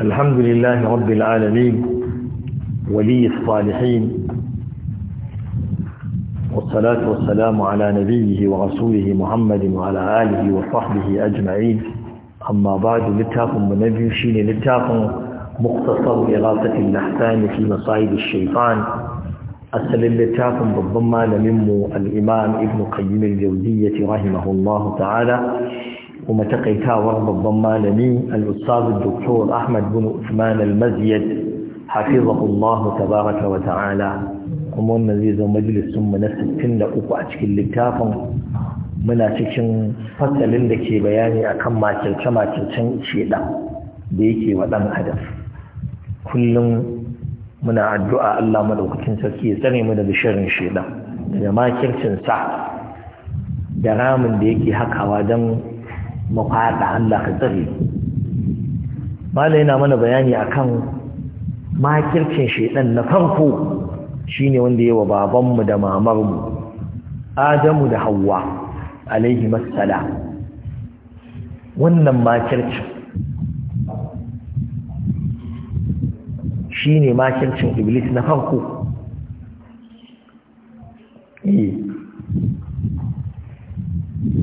الحمد لله رب العالمين ولي الصالحين والصلاة والسلام على نبيه ورسوله محمد وعلى آله وصحبه أجمعين أما بعد لتاكم منبي شيني لتاكم مختصر إغاثة اللحسان في مصائب الشيطان أسأل لتاكم بالضمان منه الإمام ابن قيم الجوزية رحمه الله تعالى kuma takaitawar babban malami al-ustaz Ahmad bin Usman al-Maziyad hafizahullahu tabaraka wa ta'ala kuma wannan zai zama majalisun mu na 63 a cikin littafin muna cikin fasalin da ke bayani akan makirce makircen shiɗa da yake wa ɗan adam kullum muna addu'a Allah madaukakin sarki ya tsare mu da sharrin shiɗa da makircin sa da ramin da yake hakawa don mu fada Allah ka tsare malai yana mana bayani akan makircin shedan na farko shine wanda yawa babanmu da mamarmu Adamu da Hawwa alaihi masala wannan makircin shine makircin iblis na farko eh,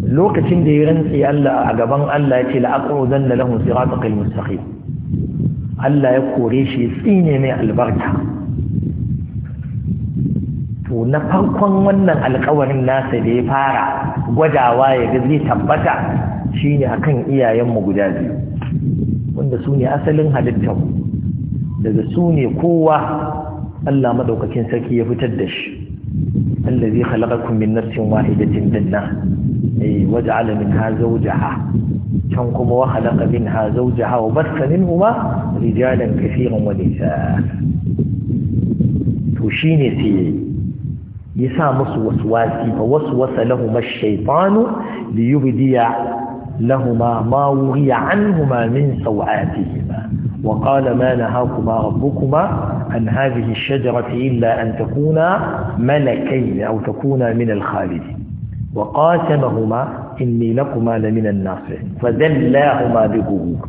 lokacin da ya rantsi Allah a gaban Allah ya ce da lahum siratal mustaqim Allah ya kore shi tsine mai albarka to na farkon wannan alƙawarin nasa da ya fara gwadawa ya ga zai tabbata shine akan iyayenmu guda biyu wanda su ne asalin halittar daga su ne kowa Allah madaukakin sarki ya fitar da shi الذي خلقكم من نفس واحدة منا وجعل منها زوجها كنكم وخلق منها زوجها وبث منهما رجالا كثيرا ونساء وشيني سي يسامس وسواسي فوسوس لهما الشيطان ليبدي لهما ما وغي عنهما من سوآتهما وقال ما نهاكما ربكما عن هذه الشجرة إلا أن تكونا ملكين أو تكونا من الخالدين وقاسمهما إني لكما لمن الناصرين فدلاهما بغرور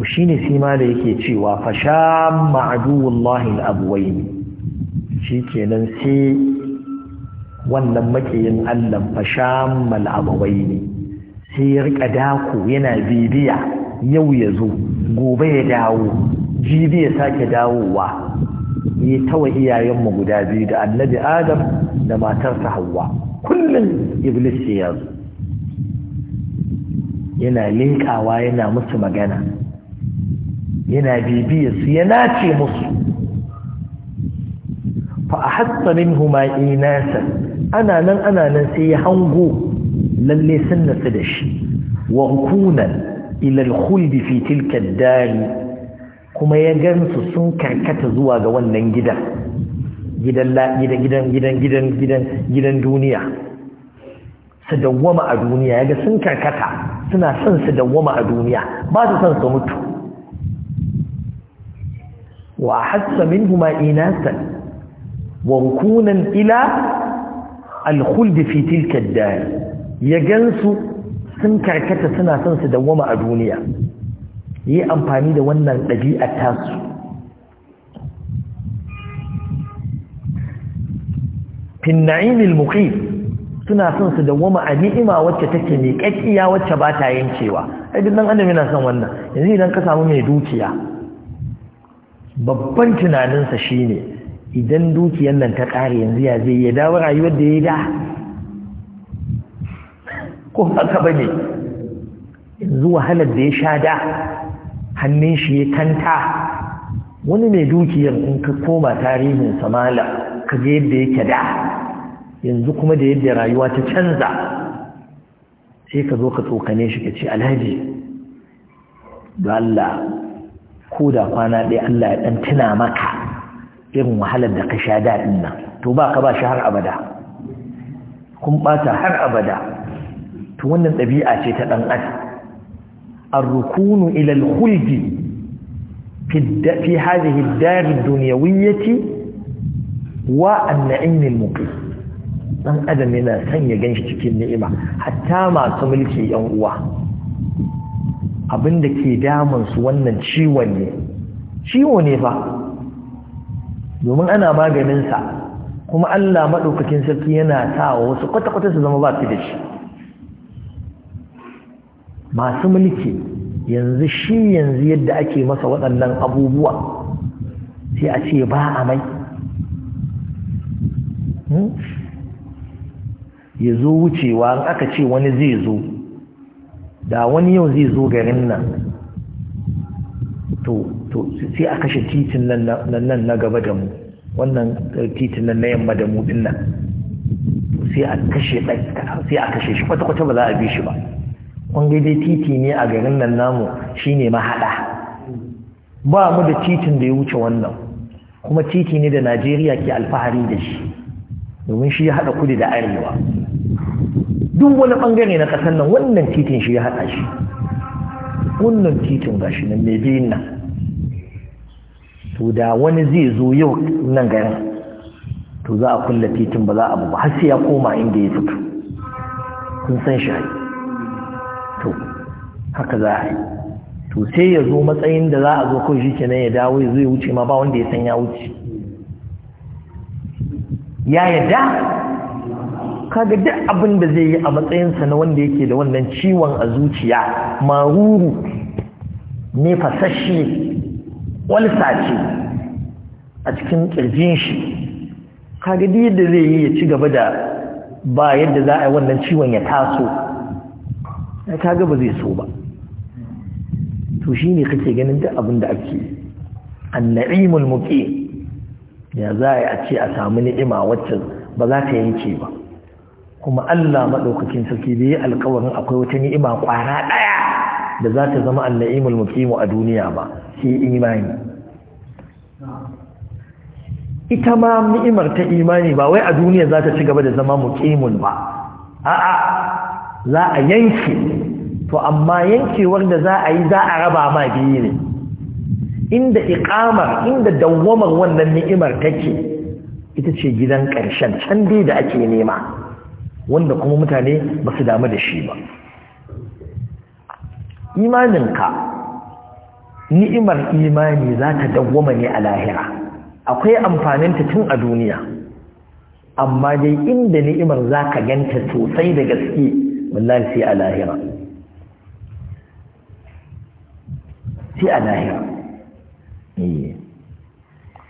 وشين سيما ليك يتشيوا فشام عدو الله الأبوين شيك ننسي ونمكي ينعلم فشام الأبوين سيرك أداكو ينا بيبيع yau ya zo gobe ya dawo jibi ya sake dawowa yi tawa iyayenmu guda biyu da annabi adam da matarsa hawa kullum iblis ya yazo yana linkawa yana musu magana yana bibiyar su yana ce musu fa a inasa ana nan ana nan sai ya hango lalle sun nasu da shi wa hukunan إلى الخلد في تلك الدار كما يجنس سنك كتزوى جوانا جدا جدا لا جدا جدا جدا جدا جدا جدا دونيا سدوما أدونيا يجا سنك كتا سنا سن سدوما أدونيا ما سن سمت وأحس منهما إناسا وركونا إلى الخلد في تلك الدار يجنس sun karkata suna son su dawwama a duniya yi amfani da wannan ɗabi'a tasu fin na'imil suna son su dawwama a ni'ima wacce take miƙaƙƙiya wacce ba ta yankewa ai duk dan adam yana son wannan yanzu idan ka samu mai dukiya babban tunaninsa shine idan dukiyan nan ta ƙare yanzu ya zai ya dawo rayuwar da ya da ko haka ba ne yanzu wahalar da ya sha da hannun shi ya kanta wani mai dukiyar in ka koma tarihin samala ka ga yadda yake da yanzu kuma da yadda rayuwa ta canza sai ka zo ka tsokane shi ka ce alhaji da Allah ko da kwana ɗaya Allah ya ɗan tuna maka irin wahalar da ka sha daɗin nan to ba ka ba shi har abada kun ɓata har abada to wannan ɗabi'a ce ta ɗan adam ar-rukunu ila al-khuldi fi hadhihi ad-dar wa an-na'im al-muqim adam yana son ya ganshi cikin ni'ima hatta masu mulki yan uwa abinda ke daman su wannan ciwon ne ciwo ne fa domin ana maganin sa kuma Allah madaukakin sarki yana sa wasu kwata-kwata su zama ba su da shi masu mulki yanzu shi yanzu yadda ake masa waɗannan abubuwa sai a ce ba a mai hmm? ya zo wucewa an aka ce wani zai zo da wani yau zai zo garin nan to sai a kashe titin nan na gaba da mu wannan titin nan na yamma da mu din nan sai a kashe shi kwata-kwata ba za a bi shi ba kun dai titi ne a garin nan namu shine mahada ba mu da titin da ya wuce wannan kuma titi ne da Najeriya ke alfahari da shi domin shi ya hada kudi da arewa duk wani bangare na kasar nan wannan titin shi ya hada shi wannan titin gashi nan mai nan to da wani zai zo yau nan garin to za a kulle titin ba za a bu ba har sai ya koma inda ya fito kun san shi to haka za a yi to sai ya zo matsayin da za a zo kawai shi kenan ya dawo ya zo ya wuce ma ba wanda ya san ya wuce ya yadda kaga duk abin da zai yi a matsayinsa na wanda yake da wannan ciwon a zuciya maruru ne fasashe walsa ce a cikin kirjin shi kaga da zai yi ya ci gaba da ba yadda za a yi wannan ciwon ya taso ya kaga ba zai so ba to shi ne kake ganin duk abin da ake annaimul muqi ya za a ce a samu ni'ima wacce ba za ta yanke ba kuma Allah madaukakin sarki bai alkawarin akwai wata ni'ima kwara daya da za ta zama annaimul mu a duniya ba sai imani ita ma ni'imar ta imani ba wai a duniya za ta ci gaba da zama muqimun ba a'a za a yanke to amma yankewar da za a yi za a raba ma biyu ne inda iqamar inda dawwamar wannan ni'imar take ita ce gidan ƙarshen can dai da ake nema wanda kuma mutane ba su damu da shi ba Imanin ka ni'imar imani za ta dawwama ne a lahira akwai amfaninta tun a duniya amma dai inda ni'imar za ka ganta sosai da gaske wallahi sai a lahira sai a eh.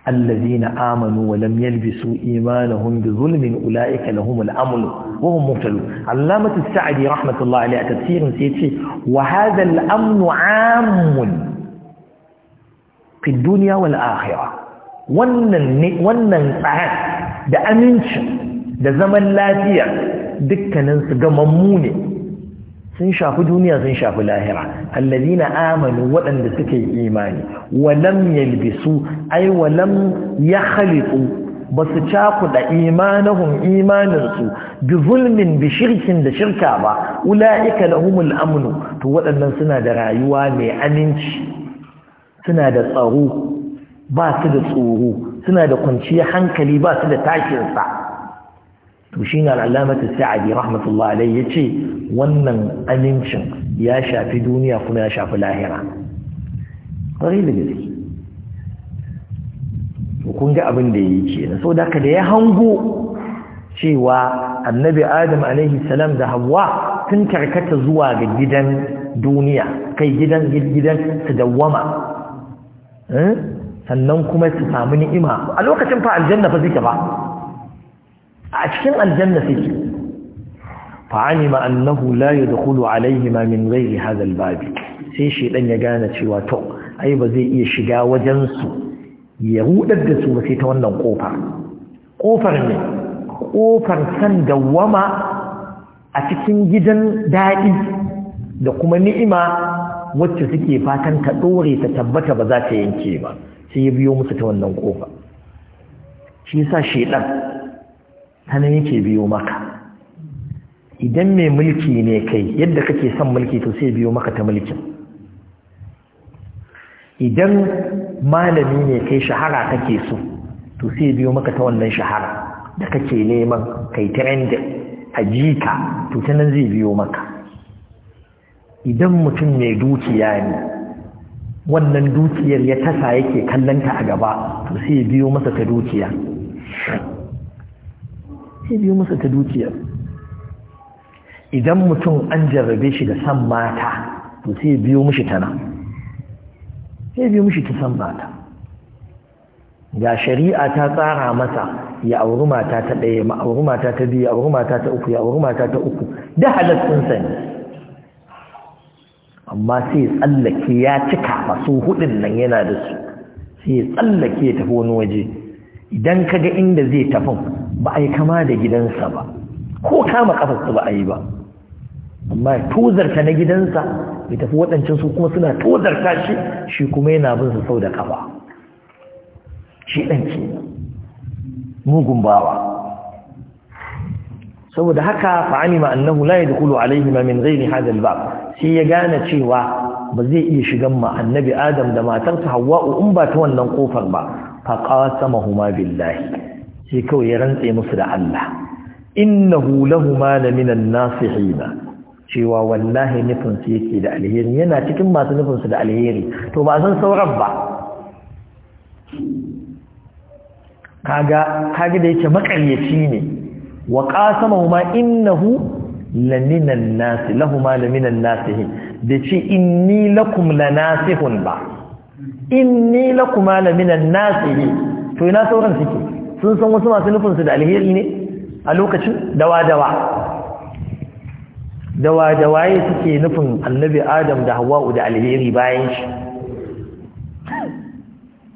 allazina amanu wa lam yalbisu imanahum bi zulmin ulaika lahum al-amn wa hum muhtadun allamat as-sa'di rahmatullahi alayhi tafsir sayyidi wa hadha amnu amn 'am fi dunya wal akhirah wannan wannan tsahat da aminci da zaman lafiya dukkaninsu gamammu ne sun shafi duniya sun shafi lahira allazina amanu waɗanda suka yi imani walam yalbisu ai walam Ba basu cakuda imanahum imaninsu bi zulmin bi shirkin da shirka ba ulaika lahumul amnu to waɗannan suna da rayuwa mai aminci suna da tsaro ba su da tsoro suna da kwanciyar hankali ba su da takinsa. to shi na alamata sa'adi rahmatullahi alai ya ce wannan amincin ya shafi duniya kuma ya shafi lahira ƙwarai da gaske kun ga abin da ya yi ke na so da da ya hango cewa annabi adam alaihi salam da hawa sun karkata zuwa ga gidan duniya kai gidan gidan su dawwama eh? sannan kuma su samu ni'ima a lokacin fa aljanna fa suke ba a cikin aljanna suke fa'alima annahu la yadkhulu alaihima min ghairi hadha albab sai shedan ya gane cewa to ai ba zai iya shiga wajen su ya rudar da su ba sai ta wannan kofa kofar ne kofar san dawama a cikin gidan dadi da kuma ni'ima wacce suke fatan ta dore ta tabbata ba za ta yanke ba sai ya biyo musu ta wannan kofa shi yasa shedan hana yake biyo maka idan mai mulki ne kai yadda kake son mulki to sai biyo maka ta mulkin idan malami ne kai shahara kake so to sai biyo maka ta wannan shahara da kake neman kai trending a jika to ta nan zai biyo maka idan mutum mai dukiya ne wannan dukiyar ya tasa yake kallanta a gaba to sai biyo masa ta dukiya sai biyu masa ta dukiyar idan mutum an jarrabe shi da san mata to sai biyo mushi tana sai biyo mushi ta san mata ga shari'a ta tsara masa ya auri mata ta ɗaya ma auri mata ta biyu ya auri mata ta uku ya auri mata ta uku da sun sani amma sai tsallake ya cika masu hudun nan yana da su sai tsallake ya tafi wani waje idan ka ga inda zai tafin ba a yi kama da gidansa ba ko kama kafarsa ba a yi ba amma tozarta na gidansa ya tafi waɗancan su kuma suna tozarta shi shi kuma yana bin su sau da kafa shi ɗan mugun bawa saboda haka fa'alima annahu la yadkhulu alayhi min zai hadha al-bab sai ya gane cewa ba zai iya shigan ma annabi adam da matarsa hawwa'u in ba ta wannan ƙofar ba sama huma billahi shi kawai ya rantse musu da Allah innahu ma la minan nasihina cewa wallahi nufin su yake da alheri yana cikin masu nufin su da alheri to ba san sauran ba kaga kaga da yake makaryaci ne wa qasamahuma innahu la minan nasi lahuma la minan nasihin da ce inni lakum la nasihun ba inni lakuma la minan nasihin to ina sauran suke sun san wasu masu nufinsu da alheri ne a lokacin dawa-dawa dawa-dawa ya suke nufin annabi adam da hawa'u da alheri bayan shi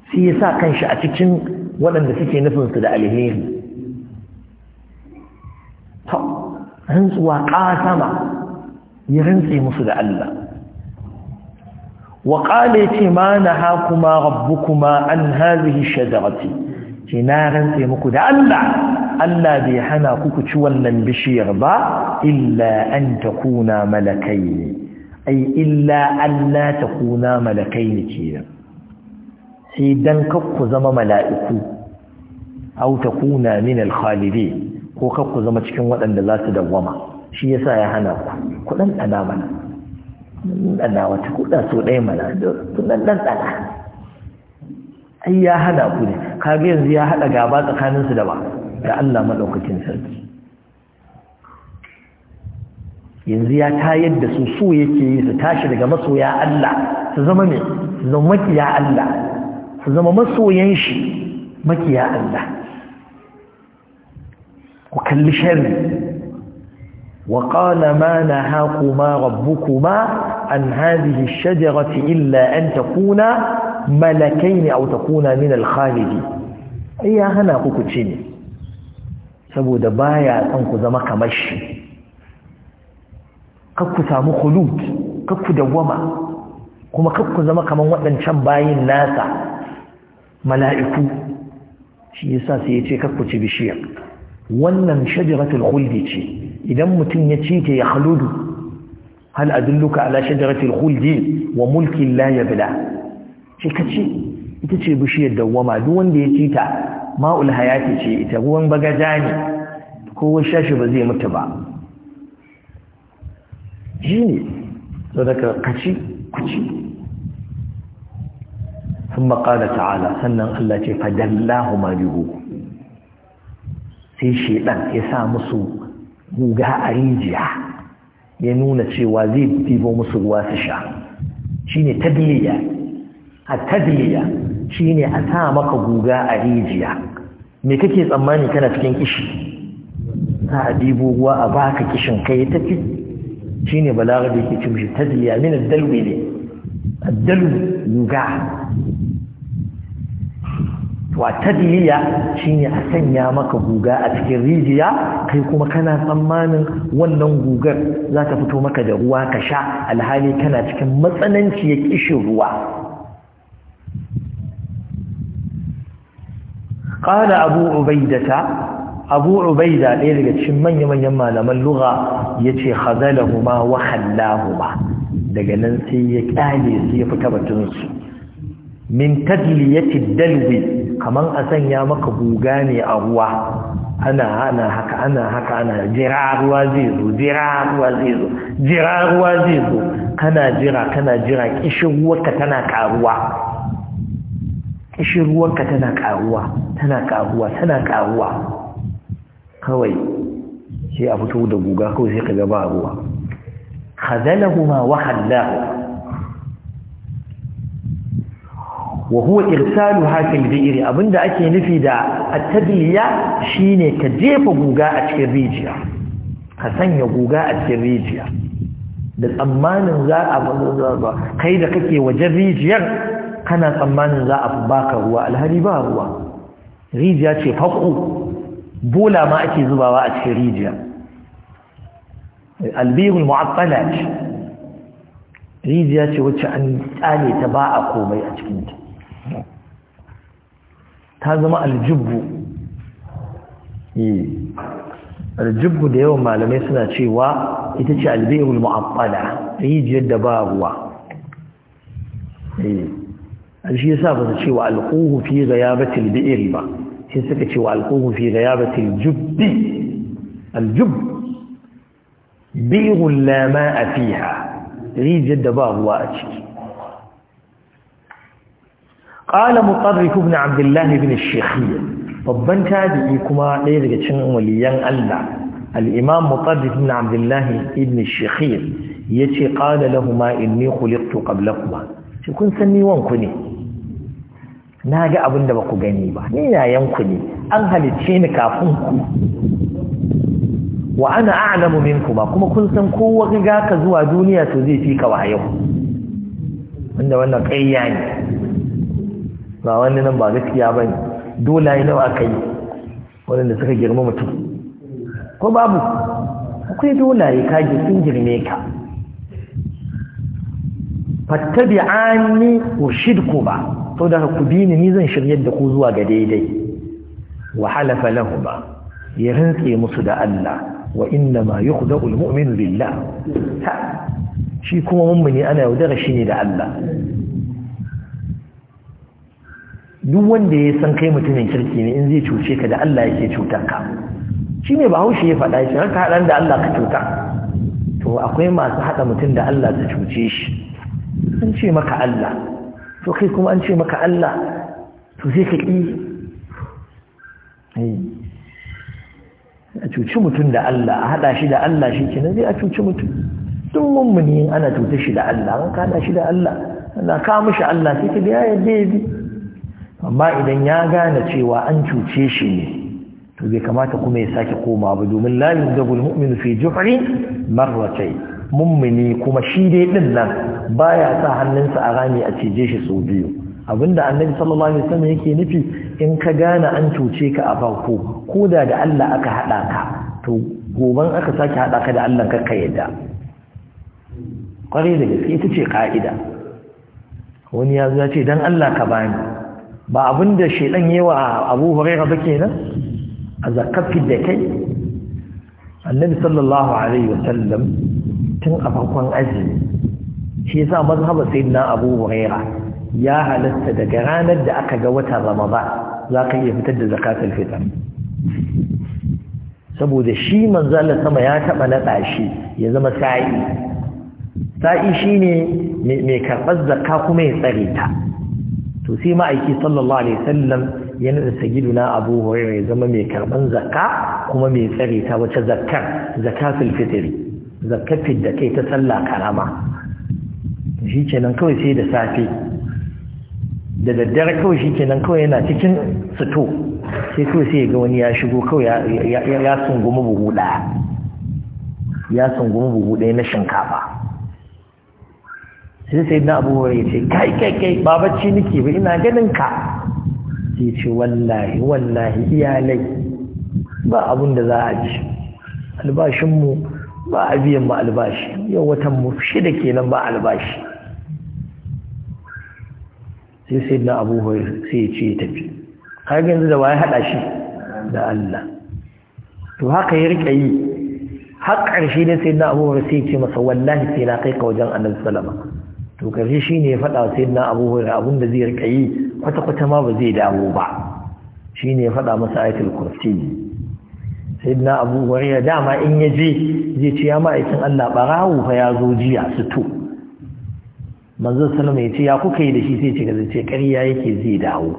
sai ya sa kanshi a cikin waɗanda suke nufinsu da alheri ta rantsuwa ƙasama ya rantse musu da Allah wa ƙale ce ma na ha kuma rabbu kuma an hazihi shajarati Kina na rantse muku da Allah Allah bai hana ku ku ci wannan bishiyar ba illa an takuna malakai ai illa Allah takuna malakai ne kenan sai dan kakku zama mala'iku au takuna min al-khalidin ko kakku zama cikin waɗanda za su dawwama shi yasa ya hana ku kudan tsada mana tsada wata kuɗa so ɗaya mana kudan ɗan tsada ai ya hada ku ne kage yanzu ya hada gaba tsakanin su da ba ga Allah madaukakin sarki yanzu ya tayar da su su yake yi su tashi daga masoya Allah su zama ne su zama makiya Allah su zama masoyan shi makiya Allah ku kalli sharri wa qala ma nahaquma rabbukuma an hadhihi ash-shajarati illa an takuna malakaini aw takuna min al-khalidi ai ya hana ku ku ne saboda baya son ku zama kamar shi kar samu khulud kar dawama kuma kar zama kamar waɗancan bayin nasa mala'iku shi yasa sai ya ce kar ku ci bishiyar wannan shajaratul khuldi ce idan mutum ya ci ta ya khaludu hal adulluka ala shajaratul huldi wa mulkin la yabla ce ka ce ita ce bishiyar dawwama duk wanda ya ci ta ma'ul hayati ce ita ruwan bagaja ne kowa shashi ba zai mutu ba shi ne da daga kaci kuci sun makala ta'ala sannan Allah ce lahuma marihu sai shaidan ya sa musu guga a rijiya ya nuna cewa zai bibo musu ruwa su sha shi ne tabliya a shi ne a sa maka guga a rijiya me kake tsammani kana cikin kishi za a ruwa a baka kishin kai ta fi shine balaga da yake cimshi tadliya min ad ne ad-dalwi guga wa shi ne a sanya maka guga a cikin rijiya kai kuma kana tsammanin wannan gugar za ta fito maka da ruwa ka sha alhali kana cikin matsananci ya kishin ruwa Ƙara abu ubaidata abu ubaida ɗaya daga cikin manya manyan malaman lugha yace huma, wa khallahuma daga nan sai ya ƙyale su ya fita batun su min tadliyati dalwi kamar a sanya maka guga ne a ruwa ana ana haka ana haka ana jira ruwa zai zo jira ruwa zai zo jira ruwa zai zo kana jira kana jira kishin ka tana karuwa ruwanka tana ƙaruwa tana ƙaruwa tana ƙaruwa kawai sai a fito da guga kawai sai ka gaba ruwa khazalahuma wa hallahu wa huwa irsalu hakil bi'ri abinda ake nufi da at-tadliya shine ka jefa guga a cikin rijiya ka sanya guga a cikin rijiya da tsammanin za a kai da kake wajen rijiyar kana tsammanin za a baka ruwa alhari ba ruwa rijiya ce faƙo bola ma ake zubawa a cikin rijiya albihul mu'attala ce rijiya ce wacce an tsale ta ba a komai a cikinta ta zama aljubbu eh, aljubbu da yawan malamai suna cewa ita ce albihul mu'attala rijiyar da ba ruwa eh. shi yasa ba su ce wa alquhu fi ghayabatil bi'r ba sai suka ce wa alquhu fi ghayabatil jubbi aljub bi'r la ma'a fiha rijiyar da ba ruwa a ciki qala mutarrif ibn abdullah ibn ash-shaykhiy babban tabi'i kuma ɗaya daga cikin waliyan Allah الإمام مطرف بن عبد الله ابن الشخير يتي قال لهما إني خلقت قبلكما شكون سني وانكني na ga abin da ba ku gani ba ni yayanku ne an halicce ni kafin ku wa ana a'lamu minkuma kuma kun san kowa ga ka zuwa duniya to zai fi ka wayo wanda wannan ƙarya ne ba wani nan ba gaskiya ba ne dole ne nawa aka yi da suka girma mutum ko babu akwai dolaye ka ji sun girme ka fattabi'ani ushidku ba to da ku bi ni ni zan shiryar da ku zuwa ga daidai wa halafa lahuma ya rintse musu da Allah wa inna ma yukhda'u almu'minu billah shi kuma mummuni ana yaudara shi ne da Allah duk wanda ya san kai mutumin kirki ne in zai cuce ka da Allah yake cutar ka shi ne ba haushi ya faɗa shi haka haɗar da Allah ka cuta to akwai masu haɗa mutum da Allah su cuce shi An ce maka Allah to kai kuma an ce maka Allah to sai ka ƙi eh. a cuci mutum da Allah a haɗa shi da Allah shi kenan zai a cuci mutum Tun mummuni ana cuta shi da Allah an kaɗa shi da Allah ana kawo shi Allah sai ka biya yadda ya bi amma idan ya gane cewa an cuce shi ne to bai kamata kuma ya sake koma ba domin la yuzabul mu'minu fi juhri marratayn mummuni kuma shi dai din nan baya sa hannunsa a rami a cije shi sau biyu abinda annabi sallallahu alaihi wasallam yake nufi in ka gane an cuce ka a farko ko da Allah aka hada ka to goban aka sake hada ka da Allah ka yadda kwarai da gaske ita ce ka'ida wani ya zo ce dan Allah ka bani ba abinda shedan yawa Abu Hurairah ba kenan a zakafi da kai annabi sallallahu alaihi wasallam tun a farkon azumi shi yasa mazhaba sayyidina Abu Huraira ya halatta daga ranar da aka ga watan Ramadan za ka iya fitar da zakatul fitr saboda shi manzo Allah sama ya taba nada shi ya zama sa'i sa'i shine mai karɓar zakka kuma ya tsare ta to sai ma'aiki sallallahu alaihi wasallam ya nada sayyiduna Abu Hurairah ya zama mai karɓar zakka kuma mai tsare ta wace zakkar zakatul fitr zakafin da kai ta sallah karama shi kenan kawai sai da safe da daddare kawai shi kenan kawai yana cikin sito sai kawai sai ga wani ya shigo kawai ya sungumi buhu daya ya sungumi buhu daya na shinkafa sai sai na abubuwa ya ce kai kai kai babacci niki nake ba ina ganin ka sai ce wallahi wallahi iyalai ba abin da za a ji albashinmu ba a biyan ba albashi yau watan mu shida kenan ba albashi sai sai na abu sai ya ce tafi kaga yanzu da waye hada shi da Allah to haka ya rika yi har ƙarshe ne sai na abu sai ya ce masa wallahi sai na kai ka wajen annabi salama, to ƙarshe shi ne ya faɗa sai na abu abin da zai rika yi kwata-kwata ma ba zai dawo ba Shi ne ya faɗa masa ayatul kursi sayyidina abu hurairah dama in ya je zai ce ya ma'aikin Allah barawo fa ya zo jiya su to manzo sallama ya ce ya kuka yi da shi sai ce ga zai ce ƙarya yake zai dawo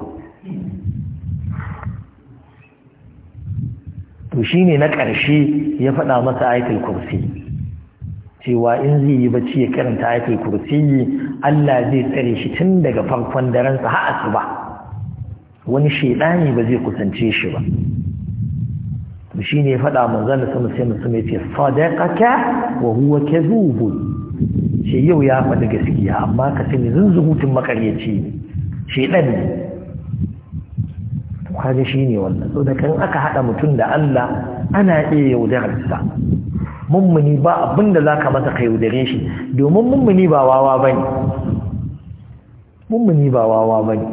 to shine na ƙarshe ya faɗa masa ayatul kursi cewa in zai yi bacci ya karanta ayatul kursi Allah zai tsare shi tun daga farkon daren sa har ba. wani shedani ba zai kusance shi ba shi ne faɗa manzan da sama sai mutum ya ce sadaqaka wa huwa kadhubun shi yau ya faɗi gaskiya amma ka sani zunzurutun makaryaci ne shedan ne to kaga shi ne wannan so da kan aka haɗa mutum da Allah ana iya yaudararsa mummuni ba abinda za ka masa ka yaudare shi domin mummuni ba wawa ba ne mummuni ba wawa ba ne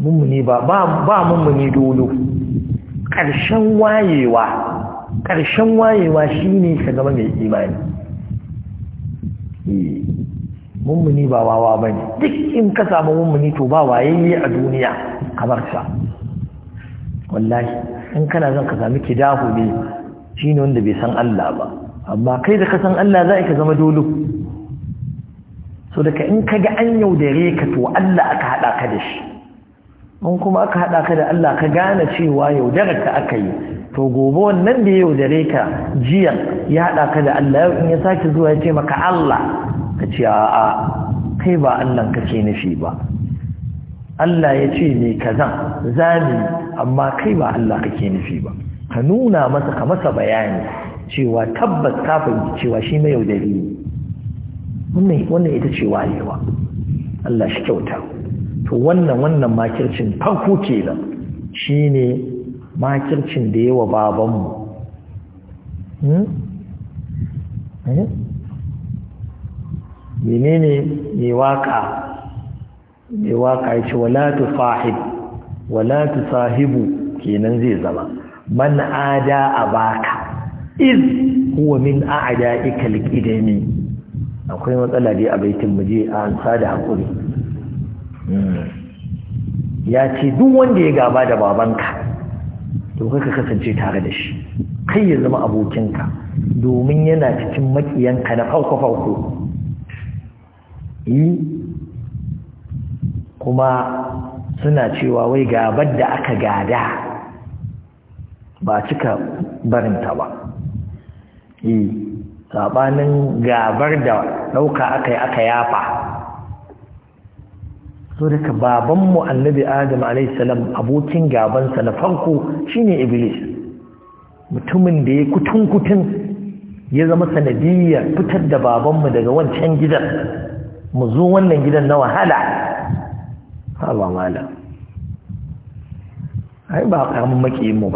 mummuni ba ba mummuni dolo ƙarshen wayewa ƙarshen wayewa ne ka zama mai imani eh, mummuni ba wawa bane duk in ka samu mummuni to ba wayayye a duniya kamar sa wallahi in kana zan ka sami kidahu ne ne wanda bai san Allah ba amma kai da ka san Allah za ka zama dolo so daga in ka ga an yaudare ka to Allah aka haɗa ka da shi in kuma aka haɗa ka da Allah ka gane cewa yaudarar ka aka yi to gobe wannan da ya yaudare ka jiya ya haɗa ka da Allah yau in ya sake zuwa ya ce maka Allah ka ce a'a kai ba Allah kake nufi ba Allah ya ce ne zan zami amma kai ba Allah kake nufi ba ka nuna masa ka masa bayani cewa tabbas ka fahimci cewa shi mai yaudari ne wannan ita ce wayewa Allah shi kyauta to wannan wannan makircin farko kenan shine makircin da yawa babanmu hmm? eh? menene mai waka mai waka ya ce wala tu wala sahibu kenan zai zama man ada abaka iz huwa min a'da'ika liqidami akwai matsala dai a baitin muje a ansa da hakuri ya ce duk wanda ya gaba da babanka to ka kasance tare da shi kai ya zama abokinka domin yana cikin makiyanka na farko-farko yi kuma suna cewa wai gabar da aka gada ba cika barinta ba yi saɓanin gabar da ɗauka aka yi aka yafa so daga babanmu annabi adam alaihissalam abokin gabansa na farko shine iblis mutumin da ya kutun kutun ya zama sanadiyar fitar da babanmu daga wancan gidan mu zo wannan gidan na wahala ha ba mala ai ba karamin makiyin mu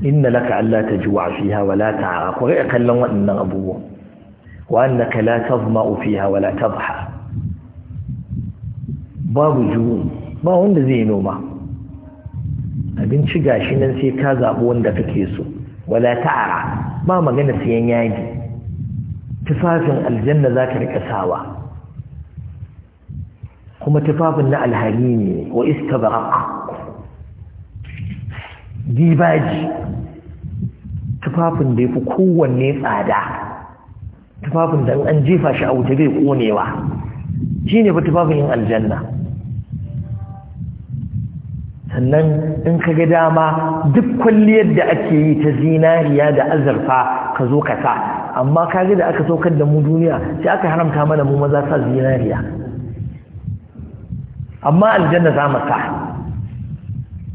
inna laka alla tajwa fiha wa la a kallon waɗannan abubuwan, wa annaka la tazma'u fiha wa la tadhha babu juhu ba wanda zai noma abinci gashi nan sai ka zaɓi wanda kake so wala ta'ara ba magana siyan yaji tufafin aljanna za ka riƙa sawa kuma tufafin na alhali ne wa istabraq dibaji tufafin da ya fi kowanne tsada tufafin da an jefa shi a wuta bai konewa shi ne fa tufafin yin aljanna sannan in ka ga dama duk kwalliyar da ake yi ta zinariya da azurfa ka zo ka sa amma ka ga da aka saukar da mu duniya sai aka haramta mana mu maza sa zinariya amma aljanna za mu sa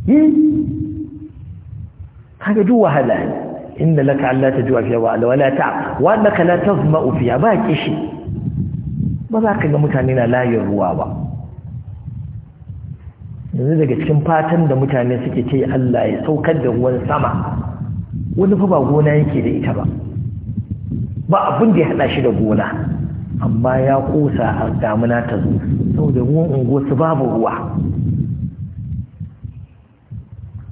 yi kaga duk wahala ne inda laka Allah ta juwa fiye wa wala ta wa annaka la tazma'u fiya ba kishi ba za ka ga mutane na layin ruwa ba yanzu daga cikin fatan da mutane suke ce Allah ya saukar da ruwan sama wani fa ba gona yake da ita ba ba abin da ya haɗa shi da gona amma ya kosa a damuna ta zo saboda ruwan ungo su babu ruwa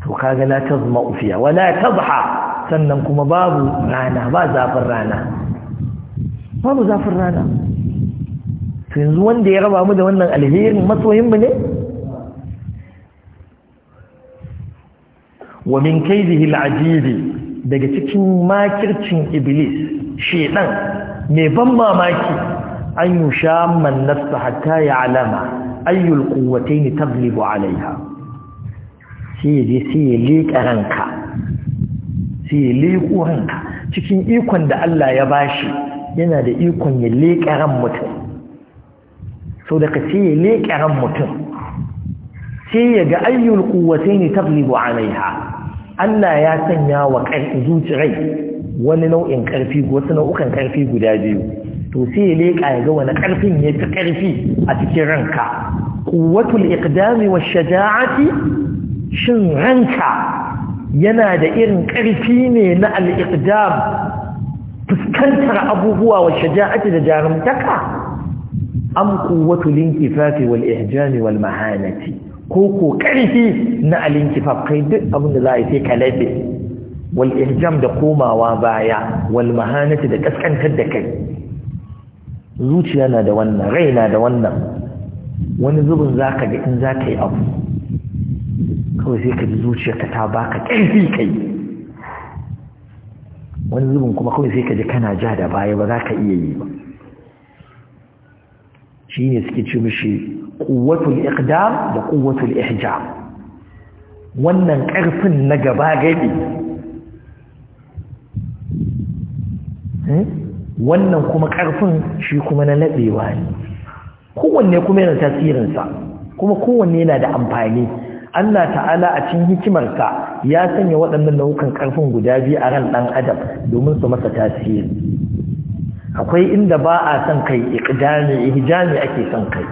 to kaga la tazma ufiya wala tazha sannan kuma babu rana ba zafin rana babu zafin rana to yanzu wanda ya raba mu da wannan alherin masoyin mu ne wa min kaidihi al'ajibi daga cikin makircin iblis shedan mai ban mamaki an yushamman nafsa hatta ya'lama ayyul quwwatayn taghlibu 'alayha sai ya sai ya ranka sai ya ranka cikin ikon da Allah ya bashi yana da ikon ya leka ran mutum sau da ka sai ya leka ran mutum sai ya ga ayyul quwwatayn taghlibu 'alayha Allah ya sanya wa Rai wani nau'in ƙarfi wasu nau'ukan ƙarfi guda biyu to sai ya leƙa ya ga wani ƙarfin ya fi ƙarfi a cikin ranka quwwatul iqdami wa shaja'ati shin ranka yana da irin ƙarfi ne na al-iqdam fuskantar abubuwa wa shaja'ati da jarumtaka am quwwatul inkifafi wal ihjami wal mahanati ko ko ƙarfi na alinkifaf kai duk abin da za a yi sai ka lafe wal injam da komawa baya wal mahanati da kaskantar da kai zuciya na da wannan rai na da wannan wani zubin za ka ga in za ka yi abu kawai sai ka ji zuciyarka ta baka ƙarfi kai wani zubin kuma kawai sai ka ji kana ja da baya ba za ka iya yi ba shi ne suke ci mishi quwwatul iqdam da quwwatul ihjam wannan karfin na gaba gadi hmm? wannan kuma karfin shi kuma na nadewa ne kowanne kuma yana tasirinsa kuma kowanne yana da amfani Allah ta'ala a cikin hikimarsa ya sanya waɗannan nau'ukan ƙarfin guda biyu a ran ɗan adam domin su masa tasiri akwai inda ba a son kai iqdami ihjami ake son kai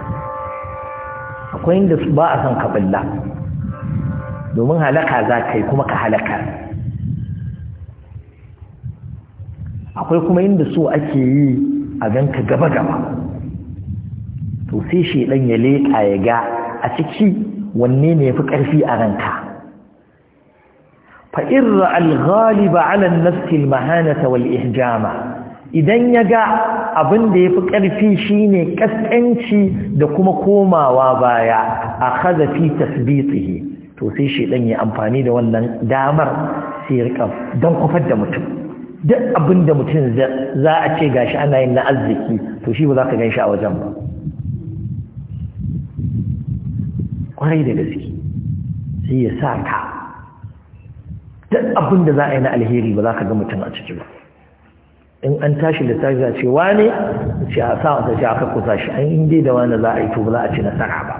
akwai inda su ba a son ka balla domin halaka za ka yi kuma ka halaka akwai kuma inda so ake yi a ganka gaba-gaba to sai ɗan ya leƙa ya ga a ciki wanne ne ya fi ƙarfi a ranka fa'irra al-ghaliba ala nafsil mahanata wal ihjama idan ya ga abin da ya fi ƙarfi shi ne ƙasƙanci da kuma komawa baya a fi tasbitihi to sai shaidan ya amfani da wannan damar sai ya don kufar da mutum duk abin da mutum za a ce gashi ana yin na arziki to shi ba za ka gan shi a wajen ba kwarai da gaske sai ya sa ka duk abin da za a yi na alheri ba za ka ga mutum a ciki ba in an tashi lissafi za ce wane ce a sa ta ce aka kusa shi an inda da wani za a yi to ba za a ci nasara ba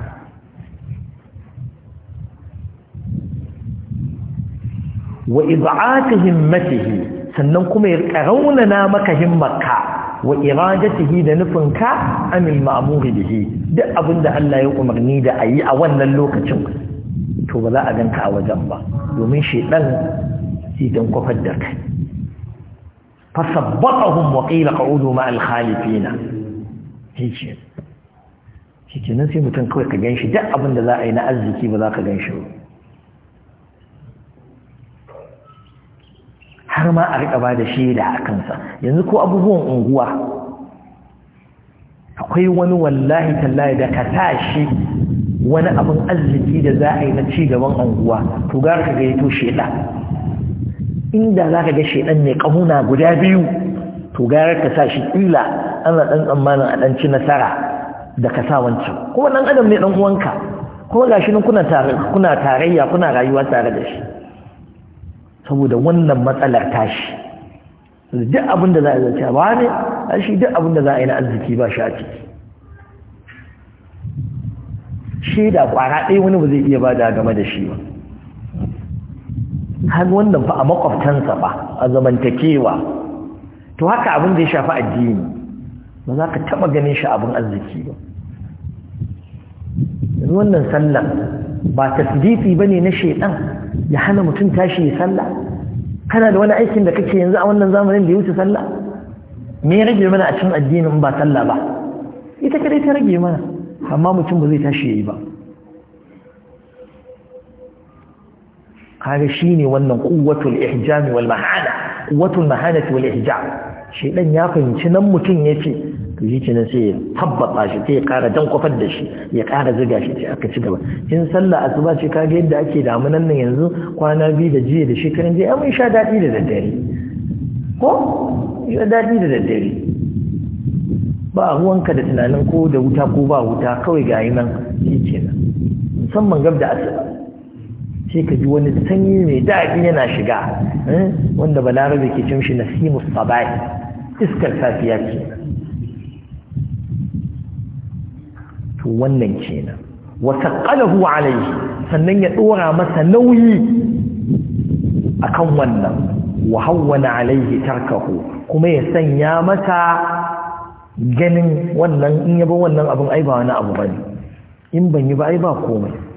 wa iz'ati himmatihi sannan kuma ya na maka himmarka wa iradatihi da ka amil ma'muri bihi duk abinda Allah ya umarni da ayi a wannan lokacin to ba za a ganka a wajen ba domin shedan idan kofar da kai فصبطهم وقيل قعودوا مع الخالفين هيك shike nan sai mutum kawai ka ganshi duk abin da za a yi na arziki ba za ka ganshi ba. har ma a riƙa ba da shaida a kansa yanzu ko abubuwan unguwa akwai wani wallahi tallahi da ka tashi wani abin arziki da za a yi na cigaban unguwa to gara ka gaito shaida inda za ka ga shaidan mai ƙahuna guda biyu to gara ka sa shi ƙila ana ɗan tsammanin a danci nasara da ka sa wancan kuma ɗan adam ne dan uwanka ko ga shi nan kuna tarayya kuna rayuwa tare da shi saboda wannan matsalar tashi duk abin da za a zace ba ne a shi duk abin da za a yi na arziki ba shi a ciki shi da kwara ɗaya wani ba zai iya bada game da shi ba har wannan fa a makwabtansa ba a zamantakewa to haka abin da ya shafi addini ba za ka taɓa ganin shi abin arziki ba yanzu wannan sallah ba tasdifi ne na shaidan. ya hana mutum tashi ya sallah kana da wani aikin da kake yanzu a wannan zamanin da ya wuce sallah me ya rage mana a cikin addinin ba sallah ba ita kadai ta rage mana amma mutum ba zai tashi ya yi ba shi ne wannan kuwatul ihjami wal mahana kuwatul mahana wal ihjam shi dan ya fahimci nan mutun yace to shi kenan sai ya tabbata shi sai ya kara dan kofar da shi ya kara zuga shi sai aka ci gaba in sallah asuba ce kaga yadda ake damunan nan yanzu kwana biyu da jiya da shekaran jiya amma sha dadi da daddare ko ya dadi da daddare ba ruwanka da tunanin ko da wuta ko ba wuta kawai ga yi nan shi kenan musamman gab da asuba sai ka ji wani sanyi mai daɗi yana shiga eh, wanda balarabe ke cin shi nasimus sabai iskar safiya ce to wannan kenan wa taqalahu alayhi sannan ya ɗora masa nauyi akan wannan wa hawwana alayhi tarkahu kuma ya sanya masa ganin wannan in yaba wannan abin aibawa na wani abu bane in ban yi ba aiba ba komai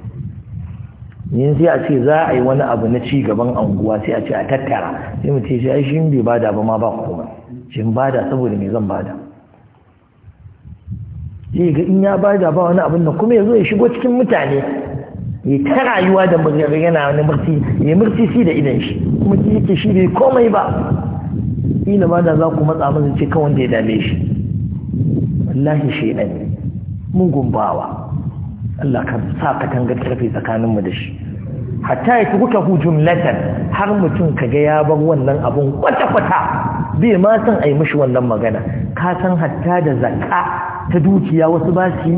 yanzu a ce za a yi wani abu na ci gaban anguwa sai a ce a tattara sai mu ce shi shi bai bada ba ma ba kuma shi bada saboda me zan bada sai ga in ya bada ba wani abin da kuma ya ya shigo cikin mutane ya ta rayuwa da magana yana wani murci ya murci shi da idan shi kuma shi yake shi bai komai ba ina ma da za ku matsa masa ce kawai da ya dame shi wallahi shi ne mugun bawa Allah ka sa katangar karfe tsakaninmu da shi hatta ya tuku tahu jumlatan har mutum ka ga ya bar wannan abun kwata-kwata bai ma san a yi mishi wannan magana ka san hatta da zakka ta dukiya wasu ba su yi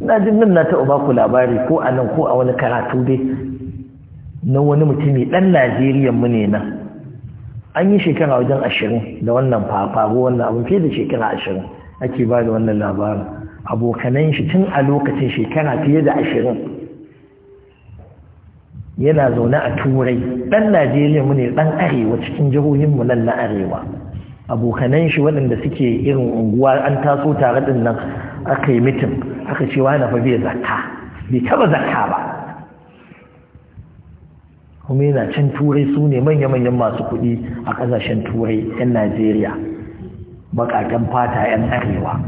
na jin nan na taɓa baku labari ko a nan ko a wani karatu dai na wani mutumi ɗan najeriya mu ne nan an yi shekara wajen ashirin da wannan faru wannan abun fiye da shekara ashirin ake ba da wannan labarin abokanan shi tun a lokacin shekara fiye da ashirin yana zaune a turai ɗan najeriya mu ne ɗan arewa cikin jihohinmu nan na arewa abokanan shi waɗanda suke irin unguwa an taso tare ɗin nan aka yi mitin aka ce wani fa bai zakka bai taɓa zakka ba kuma yana can turai su ne manya-manyan masu kuɗi a ƙasashen turai 'yan najeriya baƙaƙen fata 'yan arewa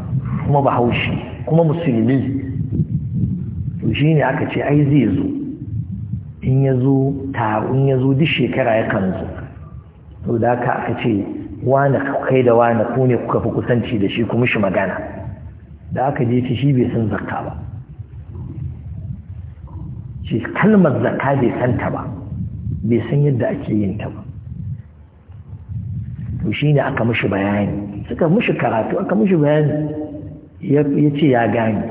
kuma bahaushe kuma musulmi to shi ne aka ce ai zai zo in ya zo in ya zo duk shekara ya kan zo to da haka aka ce wane kai da wane ku ne kuka fi kusanci da shi kuma shi magana da aka je ci shi bai san zakka ba shi kalmar zakka bai san ta ba bai san yadda ake yin ta ba to shi ne aka mishi bayani suka mushi karatu aka mushi bayani ya ce ya gani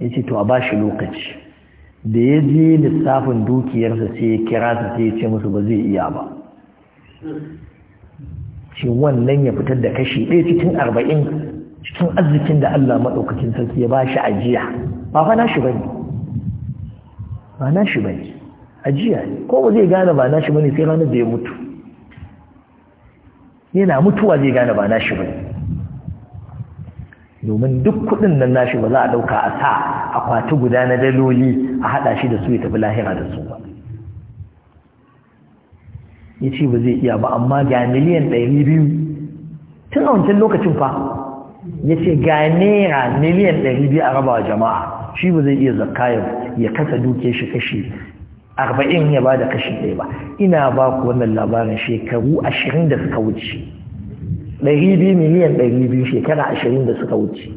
ya ce to a ba shi lokaci da ya je lissafin dukiyarsa sai ya kira su sai ya ce musu ba zai iya ba shi wannan ya fitar da kashi ɗaya cikin arba'in cikin arzikin da Allah maɗaukacin sarki ya ba shi ajiya ba fa nashi shi ba nashi bane ajiya ne ko ba zai gane ba nashi ne sai ranar da ya mutu yana mutuwa zai gane ba na nashi ba domin duk kudin nan nashi ba za a dauka a sa akwati guda na daloli a hada shi da su ya tafi lahira da su ba ya ce ba zai iya ba amma ga miliyan ɗari biyu tun a wancan lokacin fa ya ce ga naira miliyan ɗari biyu a rabawa jama'a shi ba zai iya zakka ya kasa duke shi kashi arba'in ya ba da kashi ɗaya ba ina ba ku wannan labarin shekaru ashirin da suka wuce ɗari biyu miliyan ɗari biyu shekara ashirin da suka wuce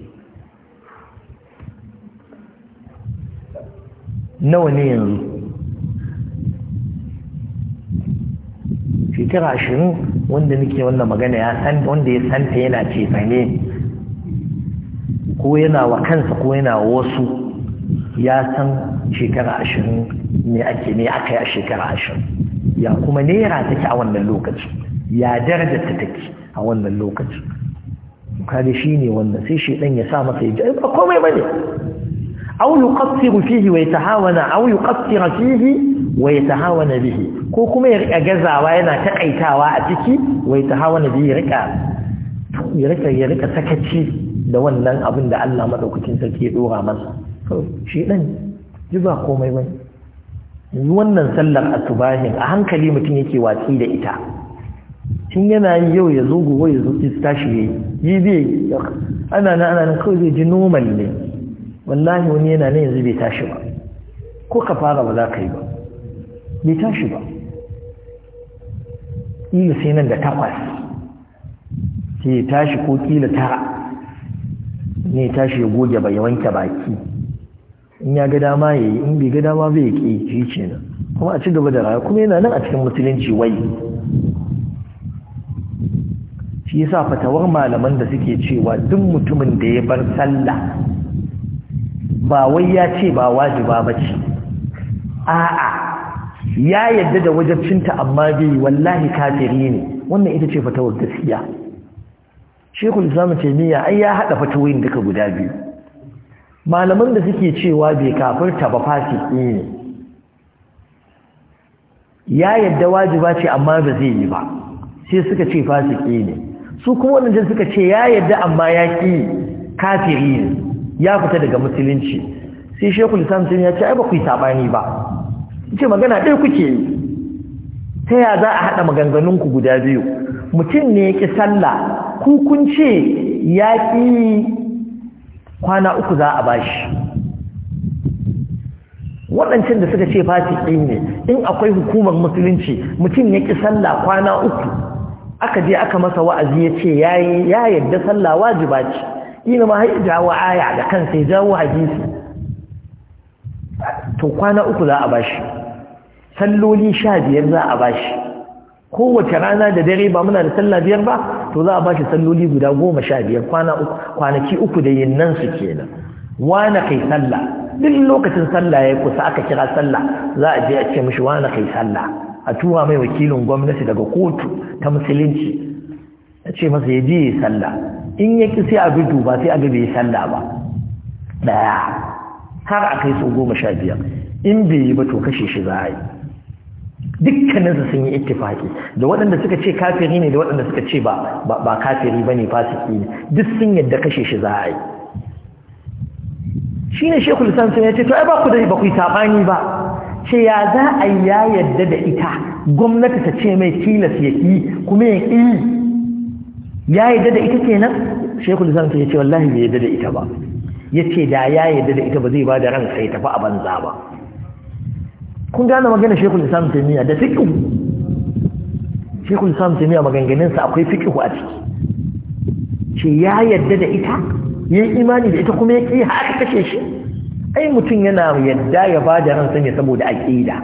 nawa ne yanzu shekara ashirin wanda nake wannan magana ya san wanda ya santa yana ce sane ko yana wa kansa ko yana wasu ya san shekara ashirin me ake me aka yi a shekara ashirin ya kuma naira take a wannan lokacin ya darajar ta take a wannan lokacin kaga shi ne wannan sai shi ya sa masa ya ji ba komai ba ne aw yuqassiru fihi wa yatahawana aw yuqassira fihi wa yatahawana bihi ko kuma ya rika gazawa yana takaitawa a ciki wa yatahawana bihi rika ya rika ya rika sakaci da wannan abin da Allah madaukakin sarki ya ɗora masa shi ɗan ji ba komai bane yi wannan sallar asubahin a hankali mutum yake watsi da ita tun yana yi yau ya zo gobe ya zo tashi ya yi bai ana na ana kawai zai ji normal ne wallahi wani yana nan yanzu bai tashi ba ko ka fara ba za ka yi ba bai tashi ba kila sai nan da takwas sai ya tashi ko kila tara ne tashi ya goge ya wanke baki in ya ga dama ya yi in bai ga dama bai ke shi ce nan kuma a ci gaba da raya kuma yana nan a cikin musulunci wai shi yasa fatawar malaman da suke cewa duk mutumin da ya bar sallah ba wai ya ce ba wajiba ba ce a'a ya yadda da wajabcinta amma bai wallahi kafiri ne wannan ita ce fatawar gaskiya shekul ce miya ai ya haɗa fatawoyin duka guda biyu malaman da suke cewa bai ta ba fasi ne ya yadda wajiba ce amma ba zai yi ba sai suka ce fasi ne su kuma wanda suka ce ya yadda amma ya ki kafiri ne ya fita daga musulunci sai shekul samson ya ce ai ba ku yi sabani ba ce magana ɗaya kuke yi ta ya za a haɗa ku guda biyu mutum ne ya ƙi sallah ku kun ce ya ƙi kwana uku za a bashi waɗancan da suka ce fasiki ne in akwai hukumar musulunci mutum ya ƙi sallah kwana uku aka je aka masa wa'azi ya ce ya yadda sallah wajiba ce ina ma har jawo aya da kan sai jawo hadisi to kwana uku za a bashi salloli sha biyar za a bashi kowace rana da dare ba muna da sallah biyar ba to za a ba shi salloli guda goma sha biyar kwanaki uku da yin nan su kenan wane kai sallah duk lokacin sallah ya kusa aka kira sallah za a je a ce mashi wane kai sallah a tura mai wakilin gwamnati daga kotu ta musulunci a ce masa ya je yi sallah in ya ƙi sai a bi duba sai a ga bai sallah ba Ɗaya. har a kai sau goma sha biyar in bai yi ba to kashe shi za a yi dukkaninsu sun yi ittifaki da waɗanda suka ce kafiri ne da waɗanda suka ce ba ba kafiri ne fasiki ne duk sun yadda kashe shi za a yi Shi ne Lisan sai ya ce to ai ba ku da ba ku sabani ba ce ya za a ya yadda da ita gwamnati ta ce mai tilas ya ki kuma ya ki ya yadda da ita kenan Sheikh Lisan sai ya ce wallahi bai yadda da ita ba Ya ce da ya yadda da ita ba zai ba da ransa ya tafi a banza ba kun gane magana shekul islam taimiyya da fiƙihu shekul islam taimiyya maganganinsa akwai fiƙihu a ciki ce ya yadda da ita ya yi imani da ita kuma ya ƙi haka kashe shi ai mutum yana yadda ya ba da ransa ne saboda aƙida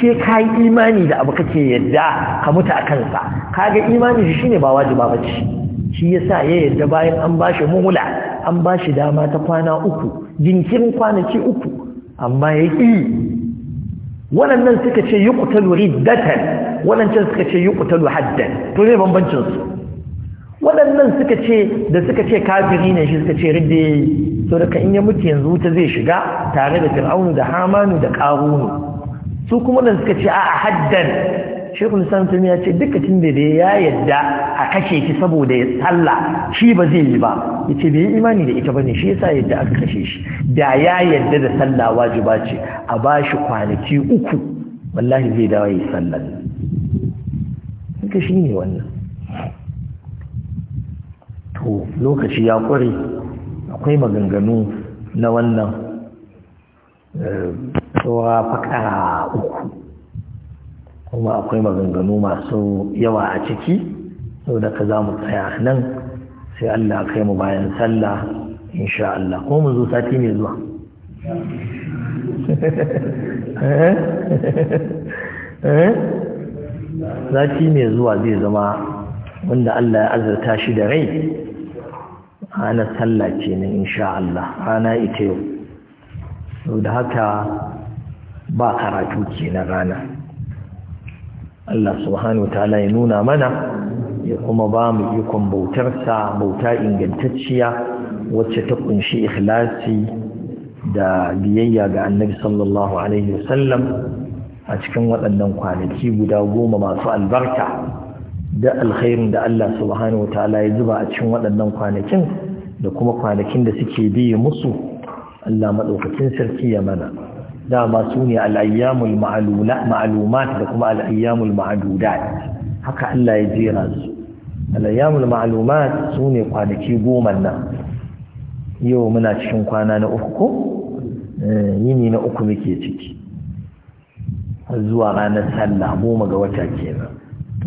ce ka yi imani da abu kake yadda ka mutu a kansa ka ga imani shi shine ba wajiba ba ce shi ya sa ya yadda bayan an ba shi muhula an ba shi dama ta kwana uku jinkirin kwanaki uku amma ya yi waɗannan suka ce yi ƙutalu riddatan waɗancan suka ce yi ƙutalu haddan to ne bambancinsu waɗannan suka ce da suka ce kafiri ne shi suka ce ridde so daga ka inye mutu yanzu wuta zai shiga tare da fir'aunu da hamanu da ƙarunu su kuma nan suka ce a haddan shekul islam tumi ya ce duka tun da ya yadda a kashe shi saboda ya tsalla shi ba zai yi ba ya ce bai yi imani da ita ba ne shi yasa yadda aka kashe shi da ya yadda da sallah wajiba ce a ba shi kwanaki uku wallahi zai dawo yi sallar duka shi ne wannan to lokaci ya kware akwai maganganu na wannan eh, saura fakara uku kuma akwai maganganu masu yawa a ciki da ka za mu tsaya nan sai Allah kai mu bayan sallah insha Allah ko mu zo sati mai zuwa eh? Eh? sati mai zuwa zai zama wanda Allah ya azurta shi da rai ana sallah ce nan insha Allah rana ita yau da haka ba karatu ke na rana Allah subhanahu wa ya nuna mana ya kuma ba mu ikon bautarsa bauta ingantacciya wacce ta kunshi ikhlasi da biyayya ga annabi sallallahu alaihi wasallam a cikin waɗannan kwanaki guda goma masu albarka da alkhairin da Allah subhanahu wa ya zuba a cikin waɗannan kwanakin da kuma kwanakin da suke biye musu Allah maɗaukakin sarki ya mana دابا سوني الأيام المعلومات معلومات لكم الأيام المعدودات حكا ألا يجير الأيام المعلومات سوني انا قاد كيبو منا يو منا تشون قانا نأخكو يني نأخكو مكي تشكي الزوا غانا سالة بو مغوتا كيما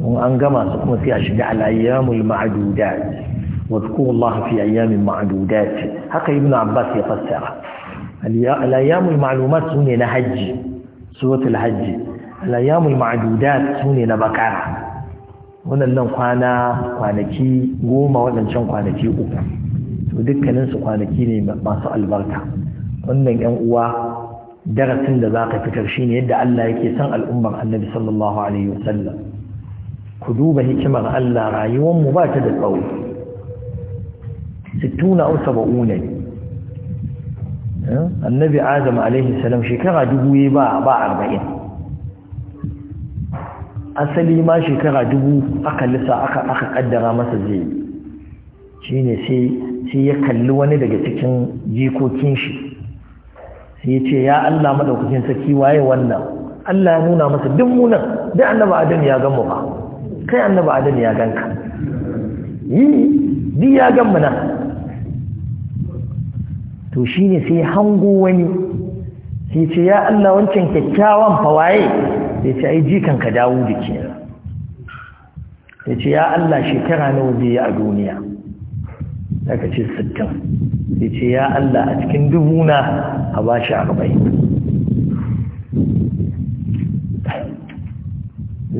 وأنجما سكما في أشجع الأيام المعدودات واذكروا الله في أيام معدودات حكا ابن عباس يفسرها al'ayyamul ma'lumat su na hajji suratul hajji al'ayyamul ma'adudat su ne na bakara waɗannan kwana kwanaki goma wadancan kwanaki uku to dukkaninsu kwanaki ne masu albarka wannan yan uwa darasin da za fitar shine yadda Allah yake son al'ummar annabi sallallahu alaihi wasallam ku duba hikimar Allah rayuwar mu ba ta da tsawo 60 au annabi adam alaihi salam shekara dubu yi ba ba arba'in asali ma shekara dubu aka lissa aka aka kaddara masa zai shi ne sai ya kalli wani daga cikin jikokin shi sai ya ce ya Allah madaukakin saki waye wannan Allah ya nuna masa duk munan dai annabi adam ya gan mu ba kai annabi adam ya ganka yi duk ya gan mu nan to shi ne sai hango wani sai ce ya Allah wancan kyakkyawan fawaye sai ce ai jikan ka dawo da ke sai ce ya Allah shekara nawa zai a duniya daga ce sittin sai ce ya Allah a cikin dubu na a ba shi arba'in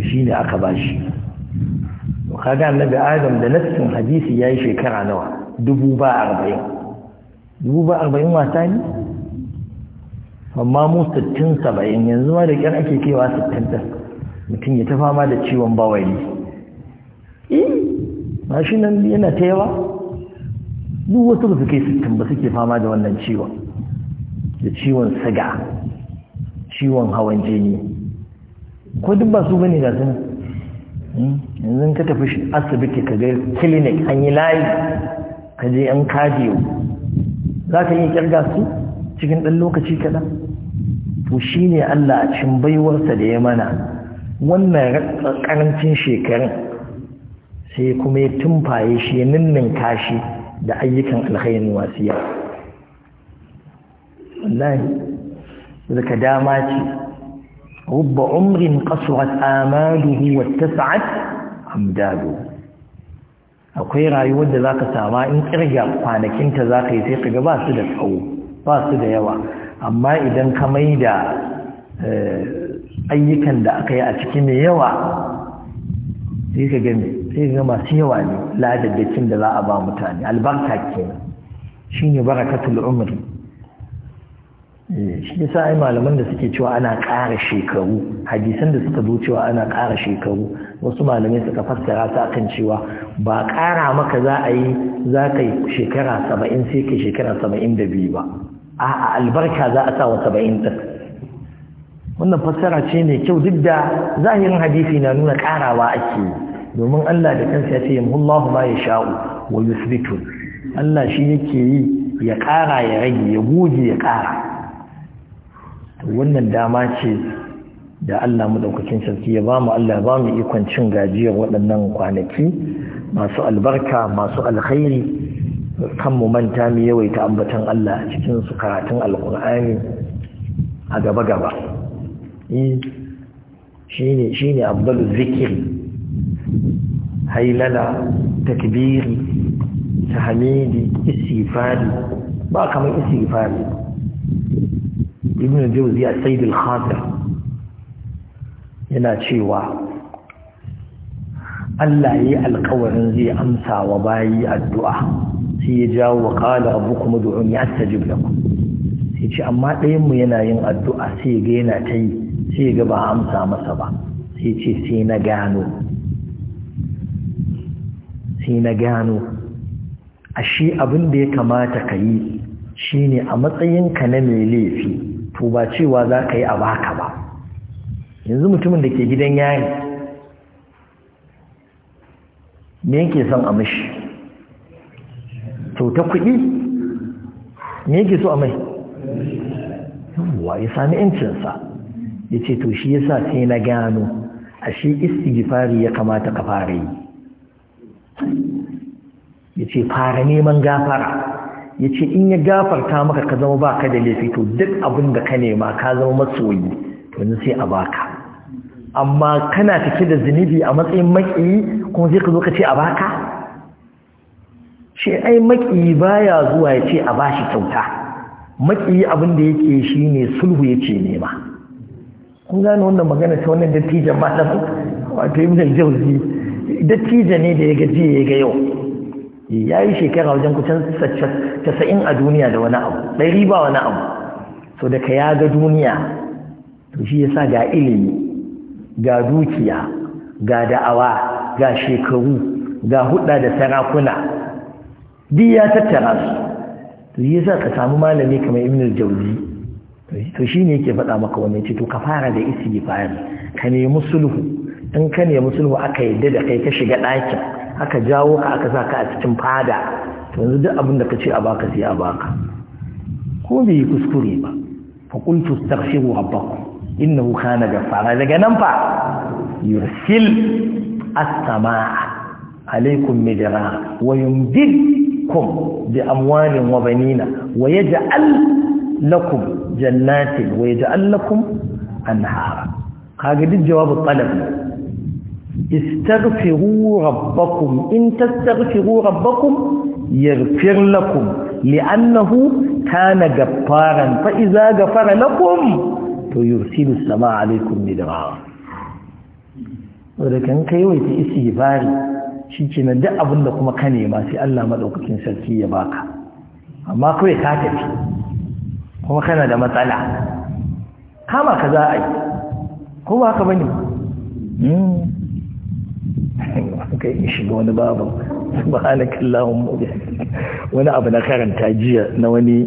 shi ne aka ba shi kaga annabi adam da nassin hadisi ya yi shekara nawa dubu ba arba'in dubu ba arba'in wasa ne amma mu sittin saba'in yanzu ma da ƙyar ake kewa sittin ɗin mutum ya ta fama da ciwon bawali eh, ma shi nan yana ta yawa duk wasu ba su kai sittin ba suke fama da wannan ciwon da ciwon siga ciwon hawan jini ko duk ba su bane ga su hmm, yanzu ka tafi asibiti ka ga clinic an yi layi ka je an kajiyo za ka iya kirga su cikin ɗan lokaci kaɗan to shi ne Allah a cikin baiwarsa da ya mana wannan ƙarancin shekarun sai kuma ya tumfaye shi ya ninnin kashi da ayyukan alkhairin wasiya wallahi daga dama ce rubba umrin qasurat amaluhu wattasa'at amdaluhu akwai rayuwar da zaka sama in kirga kwanakinta zaka yi sai kaga ba su da tsawo ba su da yawa amma idan ka mai da eh, ayyukan da aka yi a ciki mai yawa sai ka gami sai ga masu yawa ne ladaddakin da za a ba mutane albarka ke shi shine barakatul umri shi yasa ai malaman da suke cewa ana ƙara shekaru hadisan da suka zo cewa ana ƙara shekaru wasu malamai suka fassara ta akan cewa ba ƙara maka za a yi za ka yi shekara saba'in sai ka shekara saba'in da biyu ba a albarka za a sa wa saba'in ɗin wannan fassara ce mai kyau duk da zahirin hadisi na nuna ƙarawa ake yi domin Allah da kansa ya ce Allahu ma ya sha'u wa yusbitu Allah shi yake yi ya ƙara ya rage ya goge ya ƙara wannan dama ce da Allah maɗaukacin sarki ya ba mu Allah ba mu ikon cin gajiyar waɗannan kwanaki masu albarka masu alkhairi kan mu manta mu yawaita ambatan Allah cikin su karatun alkur'ani a gaba gaba eh, shine shine abdul Zikir, hailala takbiri tahmidi istighfari ba kamar istighfari ibn jawzi a sayyid al yana cewa Allah yayi alƙawarin zai amsa wa bayi addu'a sai ya jawo qala rabbukum ud'uni astajib lakum sai ce amma ɗayan mu yana yin addu'a sai ga yana ta yi sai ga ba amsa masa ba sai ce sai na gano sai na gano ashe abin da ya kamata ka yi shine a matsayinka na mai laifi to ba cewa za ka yi a baka ba yanzu mutumin da ke gidan yayi me yake son a mashi to kuɗi me yake so a mai yawwa ya sami ‘yancinsa ya ce to shi yasa sai na gano a shi istighfari ya kamata ka fara yi ya ce fara neman gafara ya ce in ya gafarta maka ka zama baka da laifi to duk abin da ka nema ka zama masoyi to ni sai a baka amma kana take da zunubi a matsayin maƙiyi kuma sai ka zo ka ce a baka shi ai maƙiyi baya zuwa ya ce a bashi kyauta maƙiyi abin da yake shi ne sulhu yake nema kun gane wannan magana ta wannan dattijan ma wato ibn al-jawzi dattijan ne da ya gaji ya ga yau ya yi shekara wajen kusan casa'in a duniya da wani abu ɗari ba wani abu so daga ya ga duniya to shi yasa ga ilimi ga dukiya ga da'awa ga shekaru ga hudda da sarakuna duk ya tattara su to shi yasa ka samu malami kamar ibn al to shi ne yake faɗa maka wannan ce to ka fara da istighfari ka nemi sulhu in ka ne sulhu aka yi da kai ka shiga ɗakin aka jawo ka aka sa ka a cikin fada to yanzu duk abin da ka ce a baka sai a baka ko bai yi kuskure ba fa qultu astaghfiru rabbakum innahu kana ghaffara daga nan fa yursil as-samaa alaikum midra wa yumdidkum bi amwalin wa banina wa yaj'al lakum jannatin wa yaj'al lakum anhara kaga duk jawabin talab استغفروا ربكم إن تستغفروا ربكم يغفر لكم لأنه كان جبارا فإذا غفر لكم فيرسل السماء عليكم مدرارا ولكن كيويت استغفاري شيكنا دع أبن لكم كني ما في الله مدعوكين سلكي باكا أما كوي كاتب kuma كان هذا matsala كما كذا أي هو yi ko kai in shiga wani babu ba allahumma wa wani abu na karanta jiya na wani